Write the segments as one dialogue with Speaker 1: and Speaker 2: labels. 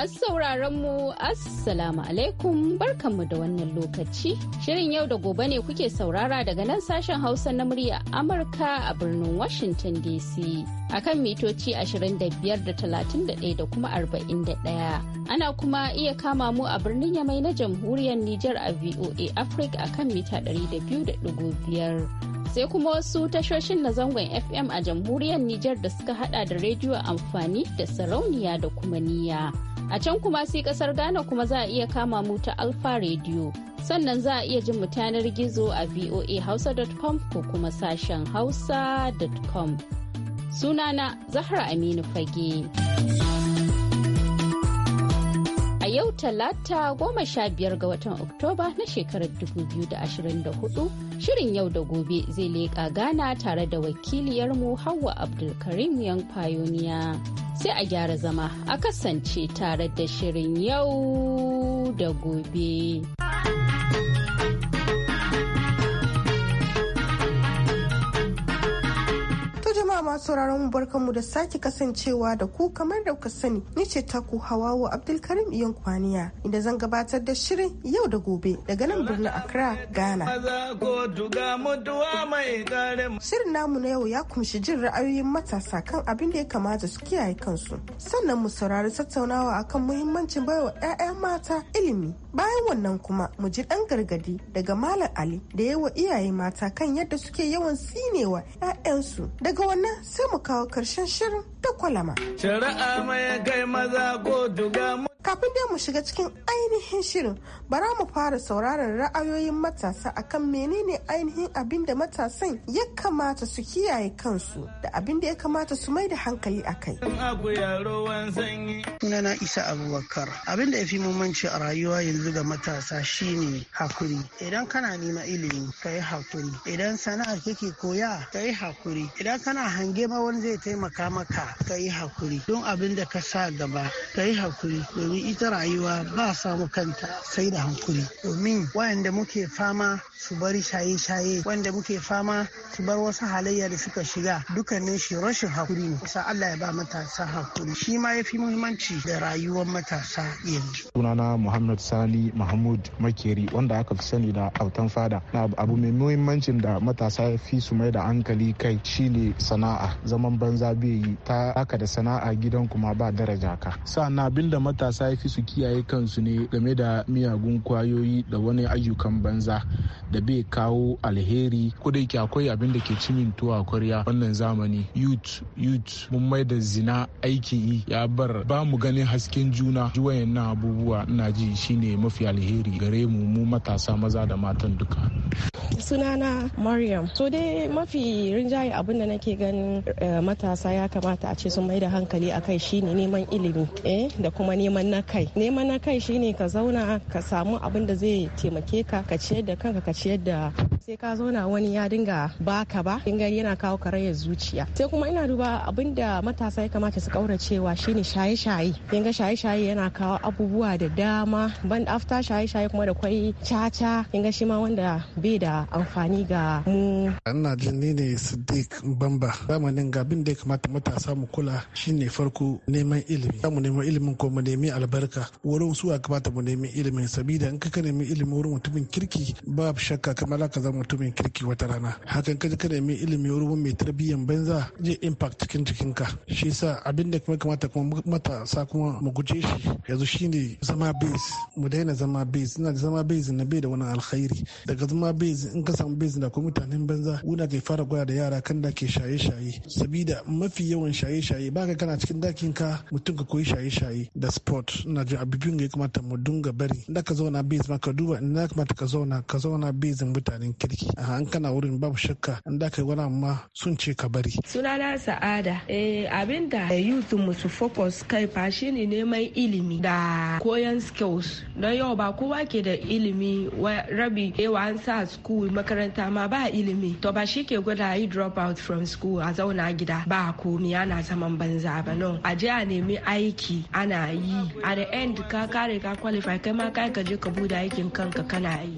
Speaker 1: Masu sauraron mu Assalamu alaikum barkanmu da wannan lokaci. Shirin yau da gobe ne kuke saurara daga nan sashen Hausa na murya Amurka a birnin Washington DC. akan mitoci 25.31 da da kuma 41. Ana kuma iya kama mu a birnin Yamai na jamhuriyar Niger a VOA Africa akan mita 200.5. sai kuma wasu tashoshin na zangon fm a jamhuriyar nijar da suka hada da rediyo amfani da sarauniya da kuma niya a can kuma sai kasar ghana kuma za a iya kama mu ta alfa radio sannan za a iya jin mutanar gizo a voahausa.com ko kuma sashen hausa.com sunana zahra aminu fage yau talata goma sha biyar ga watan Oktoba na shekarar 2024 shirin yau da gobe zai leƙa gana tare da wakiliyarmu Hauwa Abdulkarim yan Payoniya. Sai a gyara zama a kasance tare da shirin yau da gobe.
Speaker 2: masu sauraron barkanmu da sake kasancewa da ku kamar da kuka sani ni ce taku wa Abdulkarim Iyon Kwaniya inda zan gabatar da shirin yau da gobe daga nan birnin Accra, Ghana. Shirin namu na yau ya kumshi jin ra'ayoyin matasa kan abin da ya kamata su kiyaye kansu. Sannan mu saurari tattaunawa akan muhimmancin baiwa 'ya'ya mata ilimi. Bayan wannan kuma mu ji ɗan gargadi daga Malam Ali da yawa iyaye mata kan yadda suke yawan sinewa 'ya'yansu. Daga wannan sai mu kawo ƙarshen shirin da kwalama.
Speaker 3: Shari'a mai kai maza ko duga
Speaker 2: Kafin dai mu shiga cikin ainihin shirin, bara mu fara sauraron ra'ayoyin matasa akan menene ainihin abin da matasan ya kamata su kiyaye kansu da abin da ya kamata su mai da hankali a kai.
Speaker 3: na Isa Abubakar, abin da ya fi muhimmanci a rayuwa yanzu ga matasa shine hakuri. Idan kana nema ilimi, ka yi hakuri. Idan sana'ar kake koya, ka yi hakuri. Idan kana hange ma wani zai taimaka maka, ka yi hakuri. Don abin da ka sa gaba, ka yi hakuri. domin ita rayuwa ba samu kanta sai da hankuri domin wayanda muke fama su bari shaye-shaye wanda muke fama su bar wasu halayya da suka shiga dukkanin shi rashin hakuri ne sa Allah ya ba matasa hakuri shi ma ya fi muhimmanci da rayuwar matasa yanzu.
Speaker 4: Sunana Muhammad Sani Mahmud Makeri wanda aka fi sani da autan fada na abu mai muhimmancin da matasa ya fi su mai da hankali kai shine sana'a zaman banza bai yi ta haka da sana'a gidan kuma ba daraja ka. Sa'an abin da matasa matasa su kiyaye kansu ne game da miyagun kwayoyi da wani ayyukan banza da bai kawo alheri ko da yake akwai abin da ke cimin tuwa kwarya wannan zamani youth youth mun mai da zina aiki yi ya bar ba mu ganin hasken juna juwayen na abubuwa na ji shine mafi alheri gare mu mu matasa maza da matan duka
Speaker 5: sunana mariam so dai mafi rinjaye abin da nake ganin eh, matasa ya kamata a ce sun mai da hankali akai shine neman ilimi eh, da kuma neman na kai neman na kai shine ka zauna ka samu abin da zai taimake ka ka ciyar da kanka ka ciyar da sai ka zauna wani ya dinga baka ba in gani yana kawo karayar zuciya sai kuma ina duba abinda matasa ya kamata su kauracewa shine shaye-shaye in ga shaye-shaye yana kawo abubuwa da dama ban afta shaye-shaye kuma da kwai caca in ga shi ma wanda bai da amfani ga mu
Speaker 4: ina jin ni ne sadiq Bamba zamanin ga abin da ya kamata matasa mu kula shine farko neman ilimi za mu neman ilimin ko mu nemi albarka wurin su a kamata mu nemi ilimin sabida in ka nemi ilimin wurin mutumin kirki ba shakka kamar ka zama mutumin kirki wata rana hakan kada ka nemi ilimi ruwa mai tarbiyyan banza zai impact cikin jikinka shi yasa abin da kuma kamata kuma matasa kuma mu guje shi yanzu shine zama base mu daina zama base ina zama base na bai da wani alkhairi daga zama base in ka samu base da kuma mutanen banza wuna ke fara gwada da yara kan da ke shaye-shaye sabida mafi yawan shaye-shaye baka kana cikin dakin ka mutum ka koyi shaye-shaye da sport ina ji abubuwan ya kamata mu dunga bari da ka zauna base ma ka duba in kamata ka zauna ka zauna base mutanen kirki a kana wurin babu shakka an da ka wani amma sun ce ka bari
Speaker 5: sunana sa'ada eh abinda youth mu su focus kai fa shine neman ilimi da koyan skills don yau ba kowa ke da ilimi rabi yawa eh, an sa school makaranta ma ba ilimi to ba shi ke gwada yi drop out from school a zauna gida ba komi ana zaman banza ba no a je a nemi aiki ana yi a the end ka kare ka qualify kai ma kai ka je ka bude aikin kanka kana yi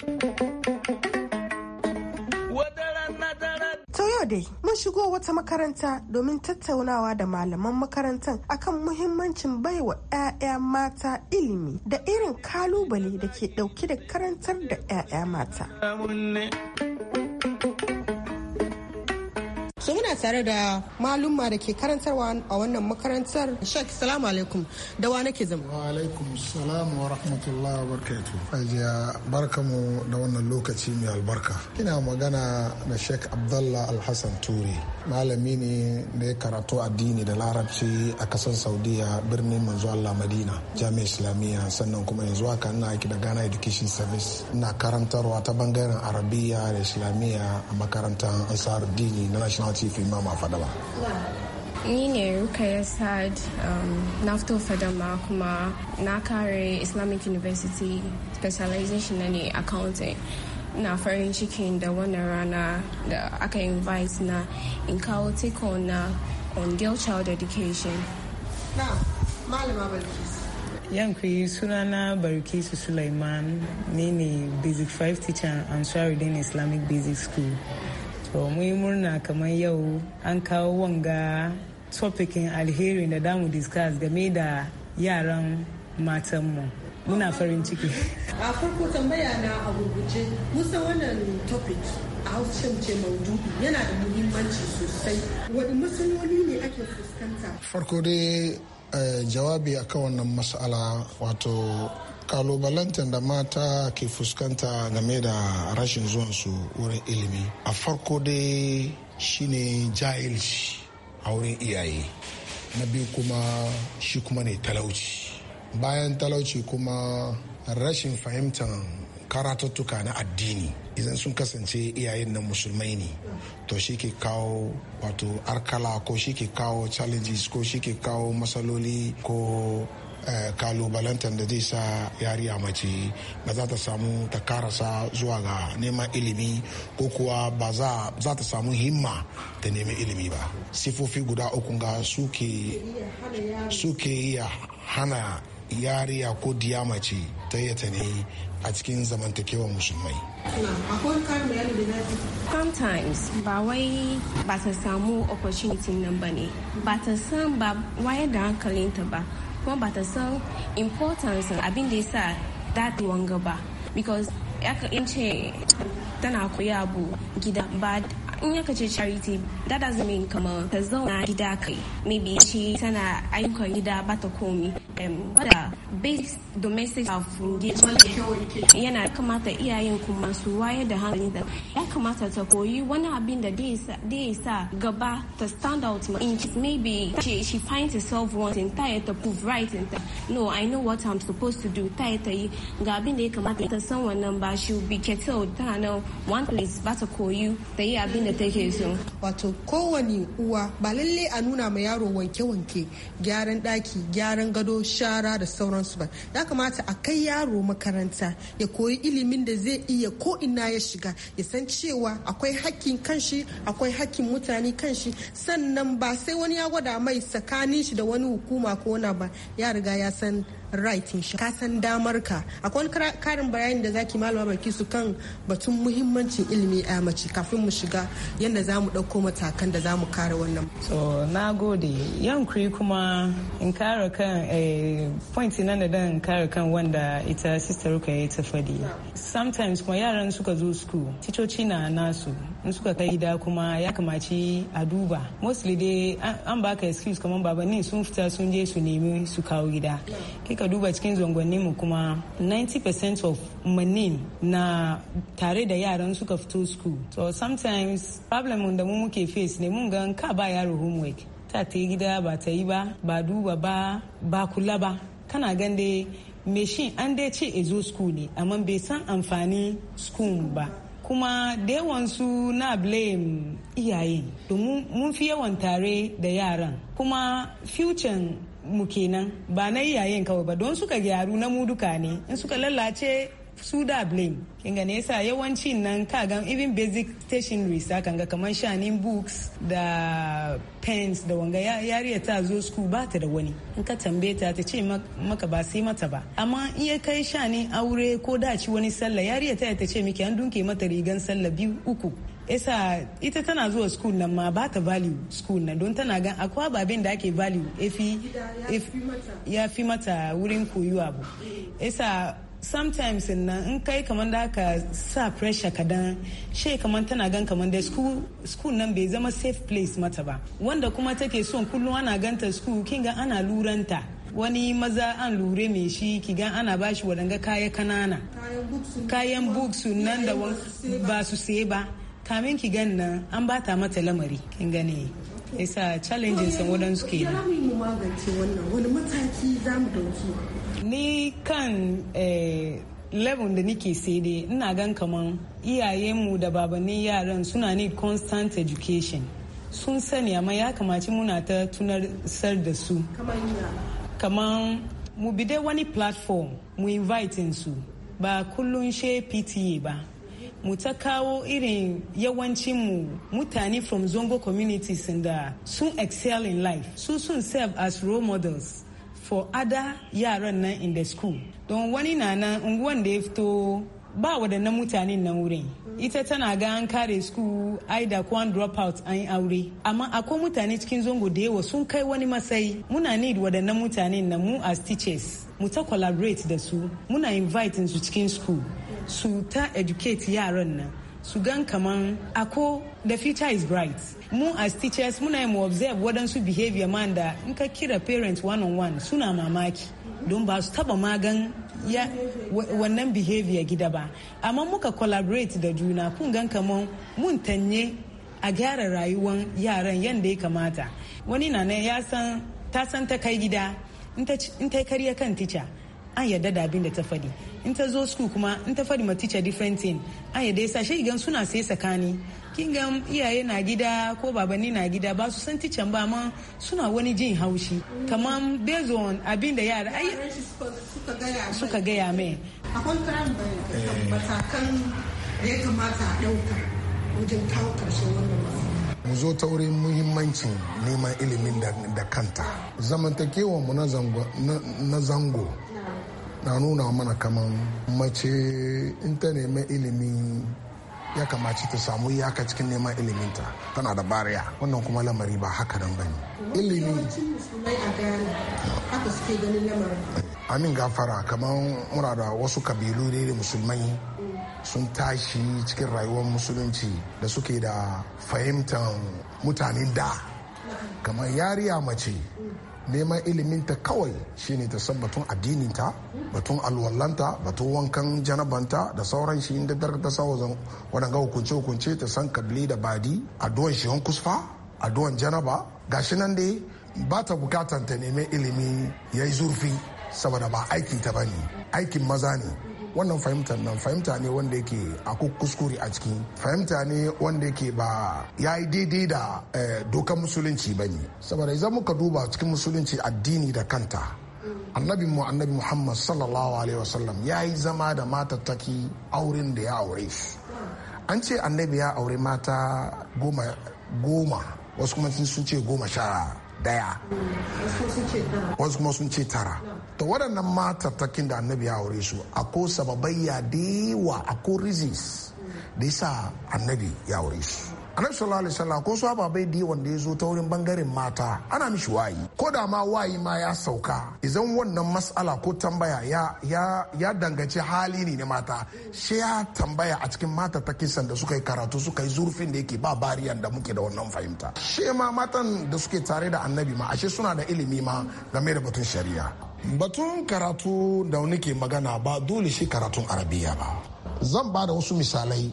Speaker 2: To yau dai mun shigo wata makaranta domin tattaunawa da malaman makarantar akan muhimmancin baiwa 'ya'ya mata ilimi da irin kalubale da ke
Speaker 6: dauke da karantar da
Speaker 2: 'ya'ya mata.
Speaker 6: so muna tare da malumma da ke karantarwa a wannan makarantar shek salamu alaikum da wa nake zama wa
Speaker 4: alaikum salamu wa rahmatullah wa ajiya barkamu da wannan lokaci mai albarka ina magana da shek abdallah alhassan turi malami ne da ya karatu addini da larabci a kasar saudiya birnin manzo allah madina jami'a islamiyya sannan kuma yanzu haka ina aiki da ghana education service na karantarwa ta bangaren arabiya da islamiyya a makarantar ansar dini na national mace fi mama fadama
Speaker 5: ni ne rukaya sad um, na fito fadama kuma na kare islamic university specialization na ne accounting na farin cikin da wannan rana da aka invite na in kawo take na on girl child education
Speaker 6: na malama
Speaker 3: balkis sunana barkisu suleiman ne ne basic 5 teacher ansarudin islamic basic school to mun yi murna kamar yau an kawo wanga topikin alheri da damu discuss game da yaran matanmu muna farin ciki a
Speaker 6: farko tambaya na a gurguje musa wannan topic a haushen ce maudu yana da muhimmanci sosai wani matsaloli ne ake fuskanta
Speaker 4: farko dai eh, jawabi akan wannan mas'ala wato kalubalantar da mata ke fuskanta game da rashin zuwansu wurin ilimi a farko dai shine jahilci a wurin iyaye na biyu kuma shi kuma ne talauci bayan talauci kuma rashin fahimtar karatattuka na addini idan sun kasance iyayen na musulmai ne to shi ke kawo wato arkala ko shi ke kawo challenges ko shi ke kawo matsaloli ko Eh, kalubalantar da zai sa yariya mace ba za ta samu ta karasa zuwa ga neman ilimi ko kuwa ba za ta samu himma ta neman ilimi ba sifofi guda uku ga suke iya hana yariya ko diya mace ta yi ta ne a cikin zamantakewar musulmai.
Speaker 5: Sometimes ba wai ba ta samu opportunity nan ba ne, ba ta san ba wayar da hankalinta ba. kuma ba ta san importance abin da ya sa daɗi wanga ba because ya ce tana koya abu gida ba in ya kace charity that doesn't mean kamar ta zauna gida kai maybe ce tana ayyukan gida ba ta komi bada base domestic of yana kamata iyayen kuma su waye da hankali da ya kamata ta koyi wani abin da dai sa gaba ta stand out ma in maybe she, she finds herself wanting ta ya ta prove right in no i know what i'm supposed to do ta ya ta yi ga abin da ya kamata ta san wannan ba she will be kettled ta nan one place ba ta koyi ta yi abin da da take so
Speaker 6: wato kowane uwa ba lalle a nuna ma yaro wanke-wanke gyaran daki gyaran gado shara da sauransu ba ya kamata a kai yaro makaranta ya koyi ilimin da zai iya ko ina ya shiga ya san cewa akwai hakkin kanshi akwai hakkin mutane kanshi sannan ba sai wani ya gwada mai tsakanin shi da wani hukuma ko na ba ya riga ya san right shi ka san damar ka akwai karin bayani da zaki malama baki su kan batun muhimmancin ilimi a mace kafin mu shiga yadda za mu ɗauko matakan da za mu kare wannan
Speaker 3: so na gode yankuri kuma in kare kan eh, point na da dan kare kan wanda ita sister ruka ya ta fadi sometimes kuma yaran suka zo school ticoci na nasu in suka kai gida kuma ya kamaci a duba mostly dai an baka excuse kamar babanni sun fita sun je su nemi su kawo gida kika duba cikin zangonni mu kuma 90% of manin na tare da yaran suka fito school so sometimes problem da mu muke face ne mun ga ka ba yaro homework ta ta yi gida ba ta yi ba ba duba ba ba kula ba kana gan dai machine an dai ce ezo school ne amma bai san amfani school ba kuma da su na blame iyaye domin mun fi yawan tare da yaran kuma future mu kenan ba na iyayen kawai ba don suka gyaru na mu duka ne in suka lalace su da blame kin ga yasa yawanci nan ka ga even basic stationery kan ga kamar shanin books da pens da wanga yariya ta zo school ba ta da wani in ka tambaye ta ta ce maka ba sai mata ba amma in ya kai shani aure ko daci wani sallah yariya ta ta ce miki an dunke mata rigan sallah biyu uku yasa ita tana zuwa school nan ma ba ta value school nan don tana gan akwai ababen da ake value ya fi mata wurin koyo abu yasa sometimes in na in kai kamar da aka sa pressure kadan she kamar tana gan kamar da school school nan bai zama safe place mata ba wanda kuma take son kullum ana ganta school kinga ana luranta wani maza an lure mai shi kigan ana bashi wadanga kaya kanana
Speaker 6: kayan books nan da
Speaker 3: ba su sai ba kamin ki gan nan an ba ta mata lamari kin gane yasa challenges wadansu ke
Speaker 6: wani mataki za mu dauki
Speaker 3: ni kan eh, level da nike sai dai ina gan kaman iyayenmu da babanin yaran suna ni constant education sun sani amma ya kamaci muna ta tunar da su kaman mu bi da wani platform mu invite su ba kullun she pta ba mu ta kawo irin yawancin mu mutane from zongo communities da sun excel in life su sun serve as role models for other yaran nan in the school don wani na nan unguwan da ya fito ba waɗannan mutanen na wurin ita tana ga an kare school aida ko an drop out an yi aure amma akwai mutane cikin zongo da yawa sun kai wani masai muna need waɗannan mutanen na mu as teachers mu ta collaborate da su muna invite su cikin school su ta educate yaran nan su gan kaman ako the future is bright mu as teachers muna yi mu observe waɗansu behavior man da in ka kira parent one on one suna mamaki don ba su taba magan ya wannan behavior gida ba amma muka collaborate da juna kun gan kaman mun tanye a gyara rayuwar yaran yadda ya kamata wani na ya san ta san ta kai gida in ta kariya kan ticha an yarda da abin da ta faɗi in ta zo school kuma in ta faɗi ma teacher different thing an yarda yasa shi gan suna sai sakani kin ga iyaye na gida ko babanni na gida ba su san teacher ba amma suna wani jin haushi kamar based on abin da yara ai suka gaya mai akwai karan
Speaker 6: eh. matakan da ya kamata a dauka wajen kawo ƙarshen wannan
Speaker 4: mu zo ta wurin muhimmancin neman ilimin da kanta zamantakewa mu na zango na nuna mana kaman mace in ta nemi ilimi ya kamaci ta samu iyaka cikin neman iliminta tana da bariya wannan kuma lamari ba haka nan bane ilimi amin gafara kamar muna da wasu kabilu ne da musulmai sun tashi cikin rayuwar musulunci da suke da fahimtar mutane da kamar yariya mace mm. neman iliminta kawai shine ta san batun addininta batun alwallanta batun wankan janabanta da sauran shi inda ta sa waɗanga hukunce-hukunce ta san kabili da badi addu'an shi kusfa addu'an janaba gashi nan dai ba ta bukatan ta neman ilimi ya yi zurfi saboda ba aiki ta ba ne. aikin maza ne wannan fahimtar nan fahimta ne wanda yake a kuskure a cikin. fahimta ne wanda yake ba ya yi daidai da eh, dokar musulunci ba ne saboda idan muka duba cikin musulunci addini da kanta annabi mu annabi muhammad sallallahu alaihi wasallam ya yi zama da matattaki auren da ya aure shi an ce annabi ya aure mata goma goma wasu kuma sun ce goma sha daya wasu kuma sun ce tara to waɗannan matattakin da annabi ya aure su a ko sababai ya dewa ko reasons da yasa annabi ya aure su annabi sallallahu alaihi wasallam ko sahaba bai da wanda ya zo ta wurin bangaren mata ana mishi wayi ko da ma wayi ma ya sauka idan wannan mas'ala ko tambaya ya ya ya danganci hali ne na mata shi ya tambaya a cikin mata ta kisan da suka yi karatu suka yi zurfin da yake ba bariyan da muke da wannan fahimta shi ma matan da suke tare da annabi ma ashe suna da ilimi ma game da batun shari'a batun karatu da nake magana ba dole shi karatun arabiya ba zan ba da wasu misalai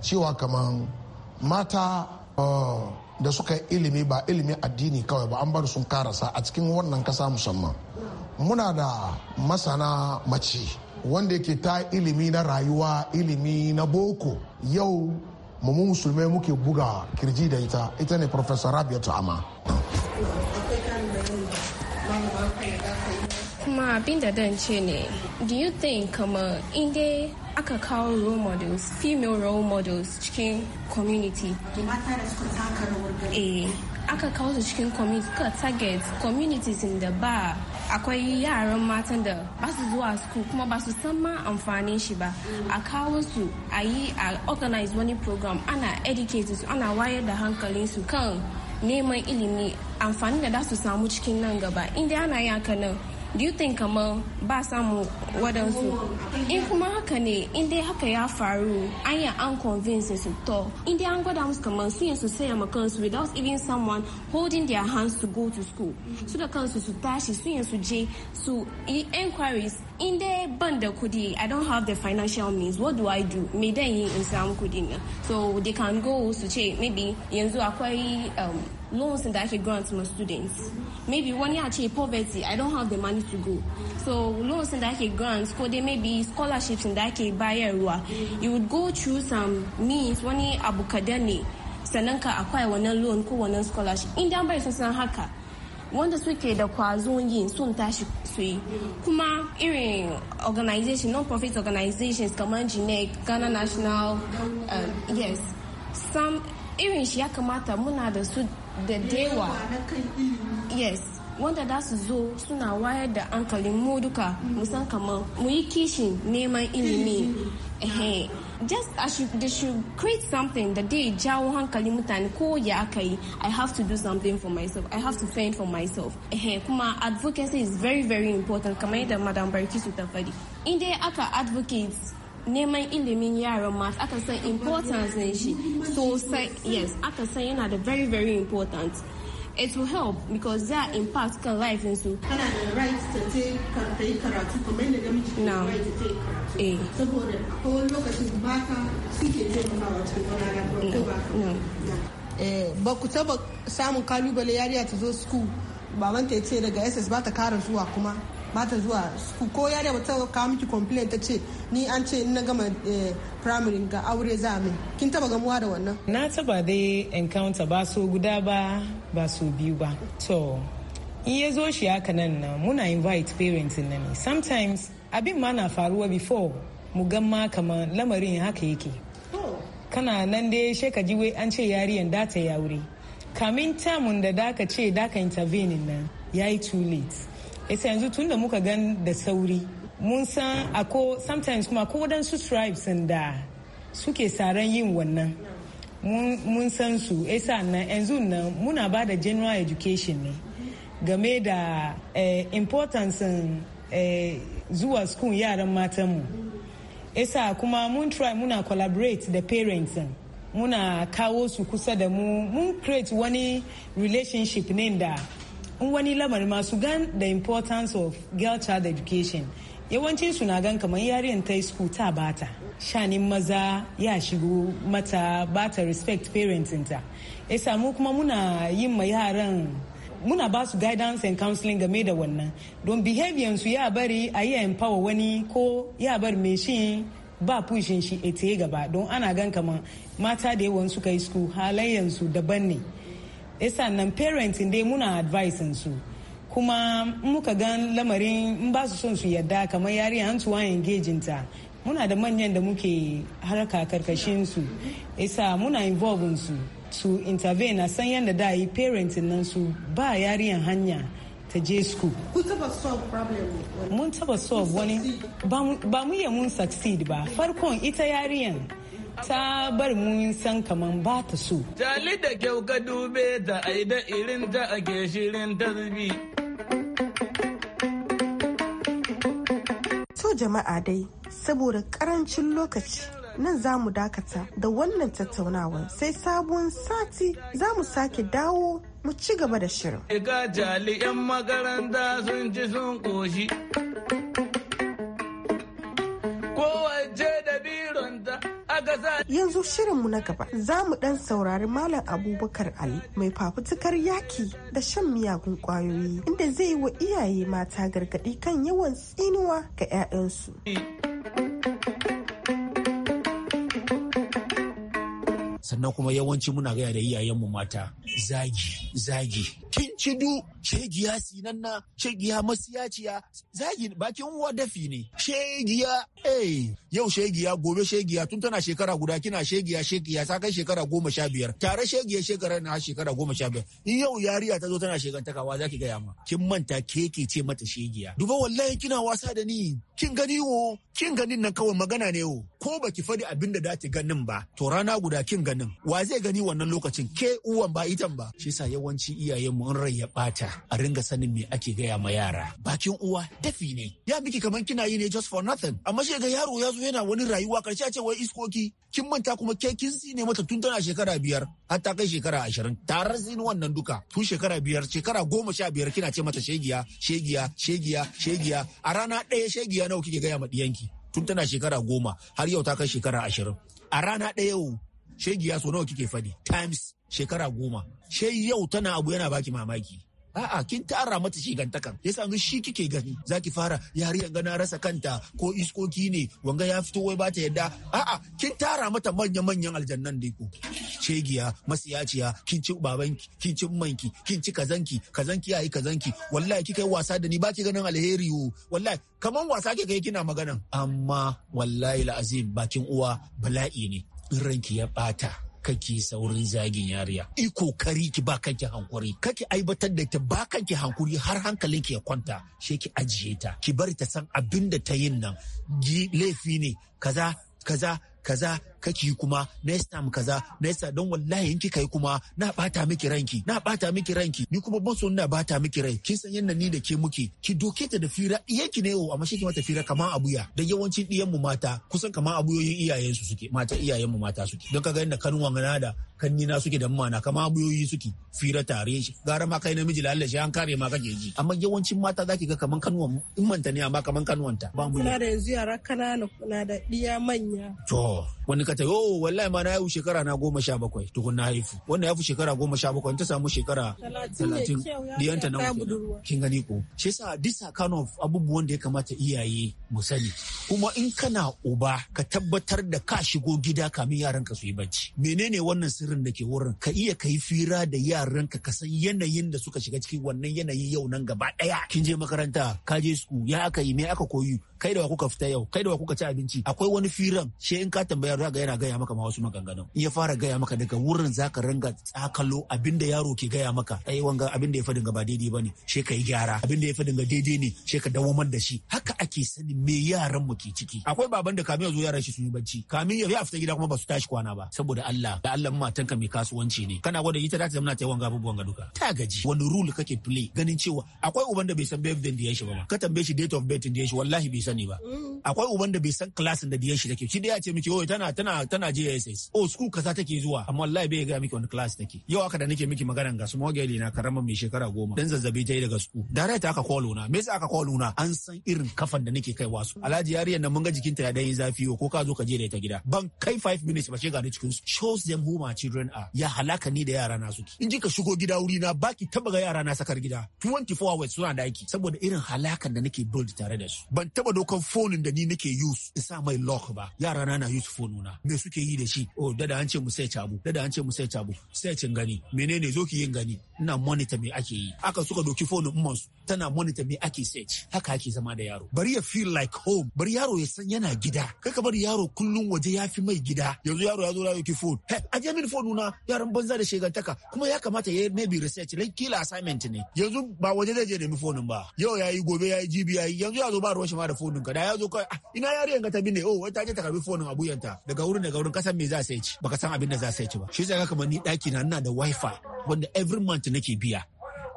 Speaker 4: cewa kaman mata eh, da suka yi ilimi ba ilimi addini kawai ba an bar sun karasa a cikin wannan kasa musamman muna da masana mace wanda yake ta ilimi na rayuwa ilimi na boko yau mu musulmai muke buga kirji da ita ita ne professor rabia ta'ama
Speaker 5: kuma abin da dan ce ne do you think kama inda aka kawo role models female role models cikin community eh, aka kawo su cikin community ka target communities in da ba akwai yaran matan da ba su zuwa school kuma ba su san ma amfanin shi ba a kawo su a yi a organize wani program ana educate su ana wayar da hankalin su kan neman ilimi amfani da su samu cikin nan gaba inda ana yi haka nan do you think kamar ba samu waɗansu in kuma haka ne in dai haka ya faru an yi an convince su to in dai an gwada musu kamar su yin su saya ma kansu without even someone holding their hands to go to school su da kansu su tashi su yin su je su inquiries in dai ban da kudi i don't have the financial means what do i do me dan yi in samu kudi na so they can go su ce maybe yanzu akwai um, loans da ake grant ma students maybe wani ya ce poverty i don't have the money to go so loans da ake grant ko dai maybe scholarships da ake bayarwa you would go through some means wani abu kadan sananka acquire ka loan ko wannan scholarship in dan bai sun san haka wanda suke da kwazon yin sun tashi su yi kuma irin organization non-profit organizations kamar jinec ghana national um, yes sam irin shi ya kamata muna da su da dewa yes wanda da su zo suna wayar da hankali mu duka musan kamar mu yi kishin neman ilimi just as you, they should create something that they jawo hankali mutane ko ya aka yi i have to do something for myself i have to fend for myself kuma advocacy is very very important kamar yadda madam barkisu ta faɗi in dai aka advocate neman ilimin yaran masu aka san importance ne shi sosai yes aka san yana da very very important it will help because their impact kan life su. Kana da right ta ce ka karatu kamar yadda namiji ke da right ta yi karatu. Eh. Saboda
Speaker 6: a wani lokacin baka suke taimakawa cikin wani ko
Speaker 5: ba.
Speaker 6: Eh, ba ku taba samun kalubale yariya ta zo school babanta ya ce daga SS ba ta kara zuwa kuma. mata ta zuwa school ko ya da kawo miki complaint ta ce ni an ce na gama eh, primary ga aure za mu kin taba gamuwa da wannan
Speaker 3: na taba dai encounter ba so guda ba ba so biyu ba to in ya zo shi haka nan na muna invite parents na ne sometimes abin ma na faruwa before mu gama ma kamar lamarin haka yake oh. kana nan dai she ka ji wai an ce yariyan data ta wuri kamin tamun da daka ce daka intervening nan yi too late esa yanzu tun da muka gan da sauri mun san ako sometimes kuma ko waɗansu tribes da suke saran yin wannan mun san su eh, sa nan yanzu nan muna ba da general education ne game da eh, importance eh, zuwa school yaran matanmu isa eh, kuma mun try muna collaborate da parents muna kawo su kusa da mu mun create wani relationship ne da in wani lamari masu gan the importance of girl child education yawancin su na gan kamar yarinyar ta school ta bata shanin maza ya shigo mata bata respect parentinta ya samu kuma muna yin ma yaran muna ba su guidance and counseling game da wannan don behavior su ya bari a yi empower wani ko ya bar mai shi ba pushin shi ya gaba don ana gan kamar mata da yawan suka yi school halayen daban ne yasa eh, nan parent dai muna advice su kuma muka gan lamarin in ba su son su yadda kamar yariya an tuwa engaging ta muna da manyan da muke haraka karkashin su isa muna involving su su intervene a san yadda da yi parentin nan su ba yariyan hanya ta je school. Mun taba solve wani ba mu iya mun succeed ba. Farkon ita yariyan ta bar mun san kaman ba ta so. Jali da
Speaker 7: kyau ka dube da aida irin ta a shirin ta
Speaker 2: To jama'a dai, saboda karancin lokaci nan za mu dakata da wannan tattaunawar sai sabuwar sati za mu sake dawo mu ci gaba da shirin.
Speaker 3: Ga jali 'yan makaranta sun ji sun ƙoshi.
Speaker 2: Yanzu shirinmu na gaba za mu ɗan saurari Malam Abubakar Ali mai fafutukar yaki da shan miyagun ƙwayoyi inda zai yi wa iyaye mata gargaɗi kan yawan tsinuwa
Speaker 8: ga 'ya'yansu. sannan kuma yawanci muna gaya da iyayenmu mata zagi zagi kin cidu shegiya sinanna! shegiya masiyaciya zagi bakin uwa dafi ne shegiya eh yau shegiya gobe shegiya tun tana shekara guda kina shegiya shegiya ta kai shekara goma sha biyar tare shegiya shekara na shekara goma sha biyar in yau yariya ta zo tana takawa za ki gaya ma kin manta keke ce mata shegiya duba wallahi kina wasa da ni kin gani wo kin ganin nan kawai magana ne wo ko baki faɗi abin da dace ganin ba to rana guda kin ganin wa zai gani wannan lokacin ke uwan ba itan ba shi yasa yawanci mu in rai ya bata a ringa sanin me ake gaya ma yara bakin uwa dafi ne ya miki kaman kina yi ne just for nothing amma shi ga yaro ya zo yana wani rayuwa karshe a ce wai iskoki kin manta kuma ke kin ne mata tun tana shekara biyar har ta kai shekara ashirin Tare zini wannan duka tun shekara biyar shekara goma sha biyar kina ce mata shegiya shegiya shegiya shegiya a rana ɗaya shegiya nawa kike gaya ma ɗiyanki tun tana shekara goma har yau ta kai shekara ashirin a rana ɗaya yau shegi ya so nawa kike faɗi times shekara goma shai yau tana abu yana baki mamaki a'a kin tara mata shi gantakan yasa ga shi kike gani zaki fara yariyan gana rasa kanta ko iskoki ne wanga ya fito wai bata yadda a'a kin tara mata manya-manyan aljannan dai ko Chegiya, masiyaciya kin ci babanki kin ci manki kin ci kazanki kazanki yayi kazanki wallahi kika yi wasa da ni baki ganin alheri wo wallahi kaman wasa ke kai kina maganan amma wallahi la'azim bakin uwa bala'i ne in ranki ya bata kake saurin zagin yariya i kokari ki ba kanki hankuri kake aibatar da ta ba kanki hankuri har hankalin ki ya kwanta she ki ajiye ta ki bari ta san abin da ta yin nan laifi ne kaza kaza kaza yi kuma next time kaza next time don wallahi in kika yi kuma na bata miki ranki na bata miki ranki ni kuma ban so na bata miki rai kin san yanda ni da ke muke ki doke ta da fira ki ne yau amma shi ki mata fira kamar abuya da yawancin iyan mu mata kusan kamar abuyoyin iyayen su suke mata iyayen mu mata suke don kaga yanda kanun na da kanni na suke da mana kamar abuyoyi suke fira tare shi gara ma kai namiji lalle shi an kare ma kake ji amma yawancin mata zaki ga kaman kanuwan in manta ne amma kaman kanuwanta ba mu da
Speaker 6: yanzu yara kanana na da iya manya
Speaker 8: to wani aka ta yo oh, wallahi ma na haihu shekara na goma sha bakwai tukun na haifu wannan ya fi shekara goma sha bakwai ta samu shekara
Speaker 4: talatin diyanta na
Speaker 8: kin gani ko shi yasa this kind of abubuwan da ya kamata iyaye mu sani kuma in kana uba ka tabbatar da ka shigo gida kamin ka su yi bacci menene wannan sirrin da ke wurin ka iya kai fira da yaranka ka san yanayin da suka shiga cikin wannan yanayi yau nan gaba daya kin je makaranta ka je school ya aka yi me aka koyi kai da wa kuka fita yau kai da wa kuka ci abinci akwai wani firan shi in ka tambaya za ga yana gaya maka ma wasu maganganun ya fara gaya maka daga wurin zaka ringa tsakalo abin da yaro ke gaya maka ai wanga abin da ya fadin ba daidai bane she ka yi gyara abin da ya fadin daidai ne she ka man da shi haka ake sani me yaran mu ke ciki akwai baban da kamin ya zo yaran shi sun yi bacci kamin ya fita gida kuma ba su tashi kwana ba saboda Allah da Allah ka mai kasuwanci ne kana gwada ita za ta zama ta wanga abubuwan ga duka ta gaji wani rule kake play ganin cewa akwai uban da bai san din da yashi shi ba ka tambaye shi date of birth da yashi wallahi bai sani ba mm. akwai uban da bai san class da ya shi take shi dai ya ce miki oh tana tana tana JSS oh school kaza take zuwa amma wallahi bai ga miki wani class take yau aka da nake miki maganan ga small girl na karama mai shekara goma dan zazzabi ta yi daga school direct aka call na me yasa aka call na an san irin kafan da nake kaiwa su alhaji yariyar nan mun ga jikinta ya dan yi zafi ko ka zo ka je da ita gida ban kai 5 minutes ba ce ga ni cikin su shows them who my children are ya halaka ni da yara na suke in ji ka shigo gida wuri na baki taba ga yara na sakar gida 24 hours suna da aiki saboda irin halakan da nake build tare da su ban taba dokan fonin da ni nake use in sa mai lock ba yara na na use phone na me suke yi da shi oh dada an ce mu sai cabu dada an ce mu sai cabu sai cin gani menene zo ki yin gani ina monitor me ake yi aka suka doki phone umman su tana monitor me ake sai haka ake zama da yaro bari ya feel like home bari yaro ya san yana gida kai ka bari yaro kullun waje ya fi mai gida yanzu yaro ya zo ya doki phone he je min phone na yaran banza da shegantaka kuma ya kamata ya maybe research like kila assignment ne yanzu ba waje zai je mi phone ba yau yayi gobe yayi jibi yayi yanzu ya zo ba ruwan shi ma da phone ka da ya zo kai ah, ina yariyan ga ta bine oh wai ta je ta karbi phone abuyanta daga wurin daga wurin kasan me za sai ci baka san abin da za sai ci ba shi ga kamar ni daki na ina da wifi wanda every month nake biya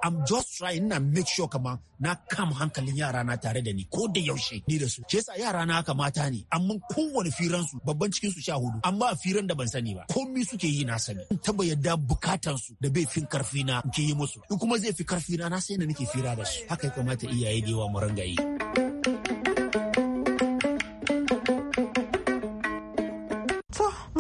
Speaker 8: I'm just trying na make sure kama na kama hankalin yara na tare da ni ko da yaushe ni da su. Shi yasa yara na haka mata ne amma kowane firan su babban cikin su sha hudu amma firan da ban sani ba komai suke yi na sani. In taba yadda bukatan su da bai fin karfi na ke yi musu. In kuma zai fi karfi na na sai na nake fira da su. Haka ya kamata iyaye da yawa mu ranga yi.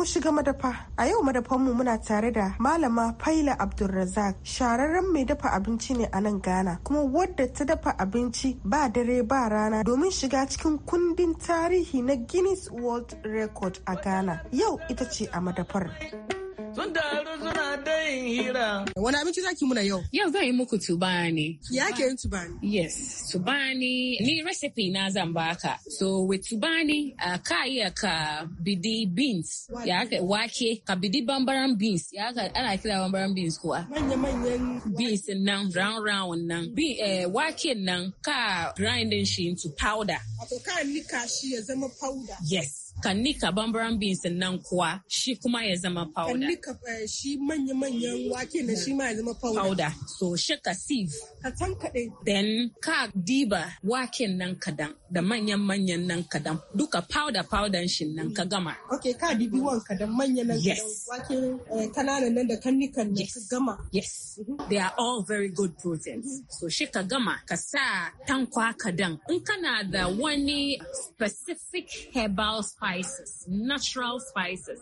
Speaker 2: shiga madafa. A yau madafanmu muna tare da Malama Faila Abdulrazak, shararren mai dafa abinci ne a nan Ghana, kuma wadda ta dafa abinci ba dare ba rana domin shiga cikin kundin tarihi na Guinness World Record a Ghana. Yau ita ce a madafar.
Speaker 3: sun taru suna ta yin hira.
Speaker 2: Wani abinci zaki muna yau? Yau zan yi muku tubani.
Speaker 7: Ya ke yin
Speaker 3: tubani?
Speaker 2: Yes,
Speaker 7: tubani ni recipe na zan baka. So with tubani uh, ka iya ka bidi beans, ya ka wake, ka bidi bambaran beans, ya ka ana kira bambaran beans kuwa. Manya-manyan beans nan round round nan. Be, eh, wake nan ka grinding shi into powder.
Speaker 6: Ato ka nika shi ya zama powder. Yes.
Speaker 7: kan nika bambaran beans nan kuwa shi kuma ya zama powder. Kan
Speaker 6: nika eh, shi manya-manyan wake na shi ma ya zama powder. Powder. So shi sieve. Ka san kaɗai. Then ka diba
Speaker 7: waken nan kadan da manyan-manyan nan kadan duka powder powder shi nan ka
Speaker 6: gama. Okay ka dibi wan kadan manyan nan kadan wake eh, kananan nan da kan nika nan ka gama. Yes. Mhm. They are
Speaker 7: all very good proteins. Mhm. So shi ka gama ka sa tankwa kadan. In kana da wani specific herbal spice spices, natural spices.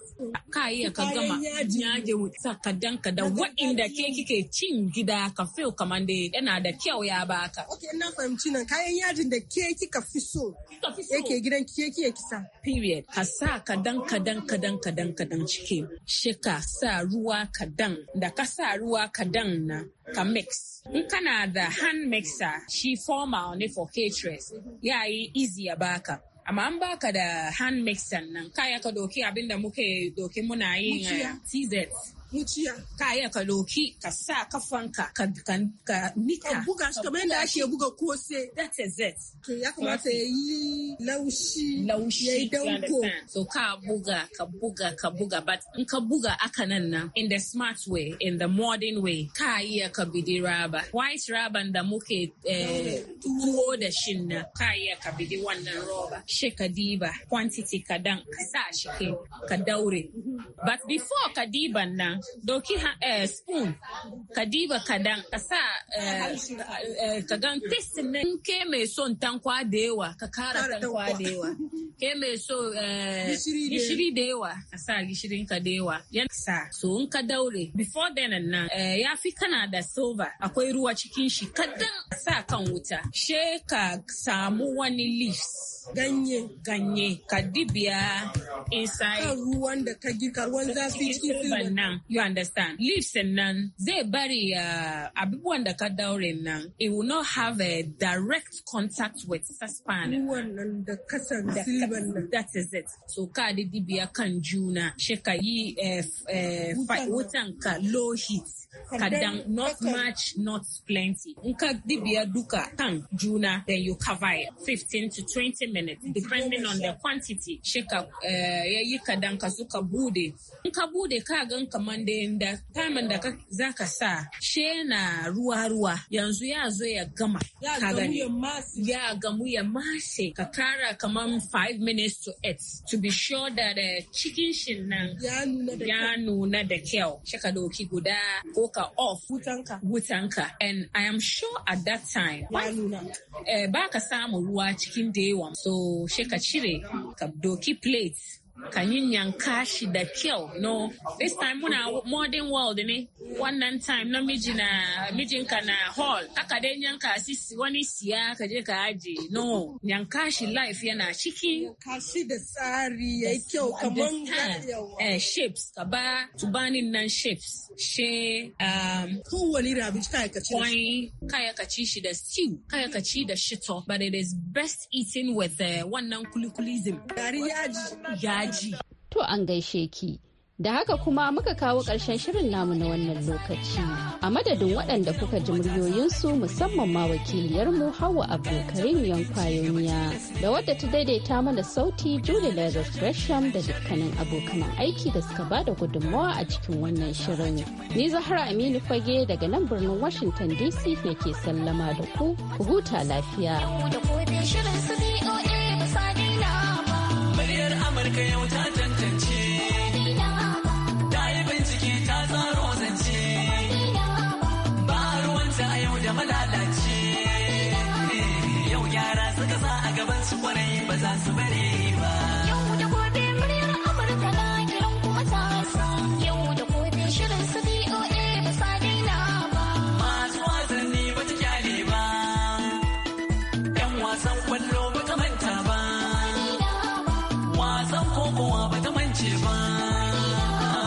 Speaker 7: Ka iya ka gama yaje kadan da wa'inda ke kike cin gida ka feel kamar da yana da kyau ya baka. Ok, na fahimci nan kayan yajin da ke kika fi so. Yake gidan ke kike kisa. Period. Ka sa kadan kadan kadan kadan kadan ciki. Shi ka sa ruwa kadan da ka sa ruwa kadan na ka mix. In kana da hand mixer shi formal ne for caterers ya yi easy ya baka. amma an baka da hand mixer nan kaya ka doki abinda muke doki muna yin eh, tz muciya kaya ka loki ka sa kafanka ka ka nika ka buga shi kamar yadda ake buga kose that is it to ya kamata ya
Speaker 6: yi laushi laushi ya yi danko so
Speaker 7: ka buga ka buga ka buga but in ka buga aka nan nan in the smart way in the modern way ka yi ka bidi raba white raba da muke eh, eh, tuwo da shin na. ka yi ka bidi wannan roba she ka diba quantity dan, ka sa shi ke ka daure mm-hmm. but before ka diban nan doki eh, spoon ka diba kadan ka sa eh, eh, ka gan fist ne ke mai son tankwa da yawa ka kara tankwa da yawa ke mai so gishiri da yawa ka sa gishirin ka da yawa yan sa so in ka daure before then and now ya fi kana da silver akwai ruwa cikin shi kadan sa kan wuta she ka samu wani leaves ganye ganye ka dibiya inside ruwan da ka gika ruwan zafi cikin You understand? Leaves and nan, They bury uh, abubuwan the ka daure nan, it will not have a direct contact with saspan.
Speaker 6: Wannan da the silban
Speaker 7: nan. That is it. So ka dibia kanjuna sheka juna, shi ka yi eh, eh, wutan low heat. Ka not much, not plenty. In ka dibiya duka kan juna, then you cover it 15 to 20 minutes, depending on the quantity. Shake eh, up. yayi ka dan ka suka bude. In ka ka wanda da taman da za ka sa shena ruwa-ruwa yanzu ya zo ya gama. Ya gamu ya mase. Ya gamu ya mase. Ka kara kamar 5 minutes to 8 to be sure that uh, cikin shin nan ya nuna da kyau. She doki guda ko ka off. Wutanka. Wutanka. And I am sure at that time. Ya nuna. Eh, ba ka samu ruwa cikin day one. So she cire ka doki plate. ka yanka shi da kyau no this time muna modern world ne wannan time na miji na ka na hall aka dai yanka si wani siya ka je ka aje no yanka shi life yana ciki ka shi da tsari ya yi kyau kamar eh shapes ka ba tubanin nan shapes she um kowane rabi kai ka kaci kai ka ci shi da stew ka ka ci da shito but it is best eating with the eh, wannan kulikulism gari yaji daji.
Speaker 1: To an gaishe ki. Da haka kuma muka kawo ƙarshen shirin namu na wannan lokaci. A madadin waɗanda kuka ji muryoyinsu musamman ma wakiliyarmu Hauwa Abdulkarim Yankwayoniya da wadda ta daidaita mana sauti Julie Lazarus Gresham da dukkanin abokan aiki da suka bada gudunmawa a cikin wannan shirin. Ni Zahra Aminu Fage daga nan birnin Washington DC ne ke sallama da ku, ku huta lafiya.